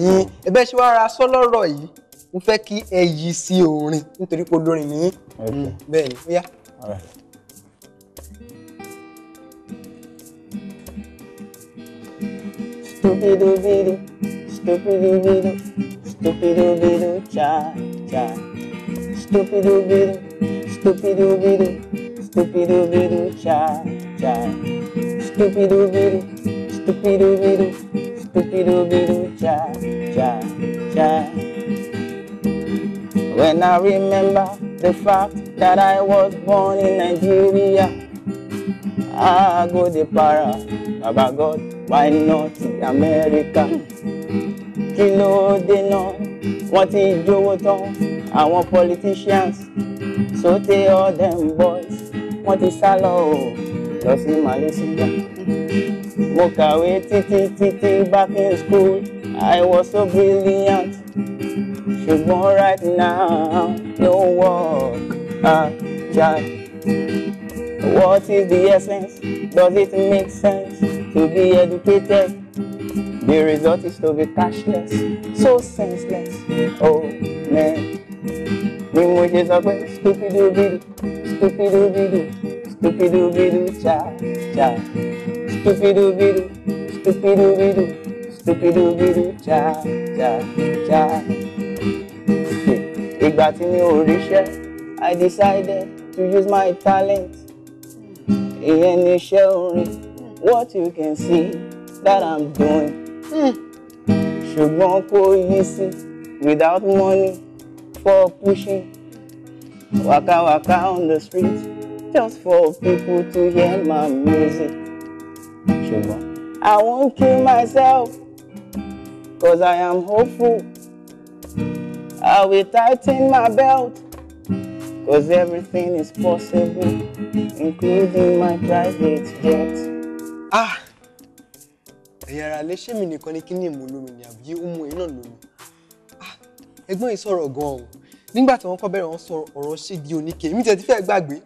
Hmm. ẹbẹ́ ṣe wàá ra aṣọ lọ́rọ̀ yìí mo fẹ́ kí ẹ yí sí orin nítorí pé olórin ni hmm. bẹ́ẹ̀ ni ó yá. Stupido bido, stupido bido, stupido cha cha. Stupido bido, stupido bido, stupido bido, cha cha. Stupido bido, stupido bido, stupido bido, child. When I remember the fact that I was born in Nigeria, I go the para, Baba God, why not America? Kí ló dé what is Joe jówó tán, àwọn politicians, so they all them boys, what is Salo? lọ o, lọ sí Malaysia. Mo kàwé títí back in school. I was so brilliant. Ṣùgbọ́n right now, no work Ah, that. What is the essence? Does it make sense to be educated? The result is to be cashless, so senseless. Oh man. Ni mo do, stupid do stupido bidu, stupido bidu, stupido bidu cha cha, stupid bidu, stupido bidu. dúkìdúkìdú já já já. ìgbà tí mi ò ríṣẹ́ I decided to use my talent ìyẹn ni iṣẹ́ orin what you can see that I'm doing. Hmm. ṣùgbọ́n kò yí sí without money for pushing waka waka on the street just for people to hear my music. ṣùgbọ́n I won't kill myself. Cause I am hopeful. I will tighten my belt. Cause everything is possible, including my private jet. Ah! Ẹ̀yin ará lè ṣé mi nìkan ni kíní ìmọ̀ olómi ni àbí ó mú iná lómi. Ah! Ẹgbọ́n yìí sọ̀rọ̀ gan-an o. Nígbà tí wọ́n kọ́ bẹ̀rẹ̀ wọ́n sọ ọ̀rọ̀ ṣégi oníke, èmi tẹ̀ ti fẹ́ gbàgbé.